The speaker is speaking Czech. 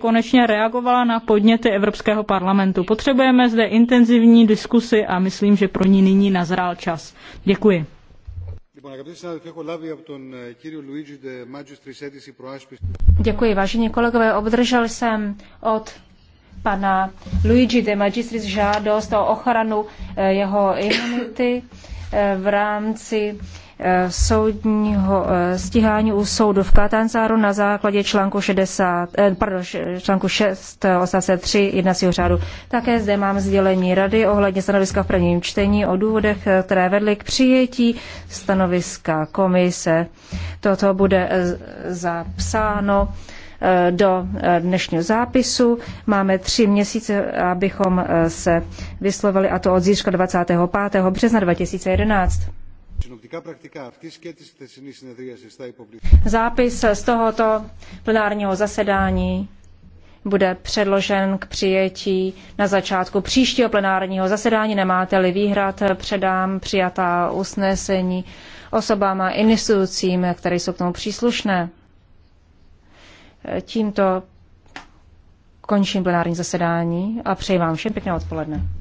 konečně reagovala na podněty Evropského parlamentu. Potřebujeme zde intenzivní diskusy a myslím, že pro ní nyní nazrál čas. Děkuji. Děkuji, vážení kolegové. Obdržel jsem od pana Luigi de Magistris žádost o ochranu eh, jeho imunity v rámci eh, soudního eh, stíhání u soudu v Katanzáru na základě článku, 60, eh, pardon, článku 6 odstavce 3 jednacího řádu. Také zde mám sdělení rady ohledně stanoviska v prvním čtení o důvodech, které vedly k přijetí stanoviska komise. Toto bude zapsáno Eh, do eh, dnešního zápisu. Máme tři měsíce, abychom eh, se vyslovili, a to od zítřka 25. března 2011. Zápis z tohoto plenárního zasedání bude předložen k přijetí na začátku příštího plenárního zasedání. Nemáte-li výhrad, předám přijatá usnesení osobám a institucím, které jsou k tomu příslušné. Tímto končím plenární zasedání a přeji vám všem pěkné odpoledne.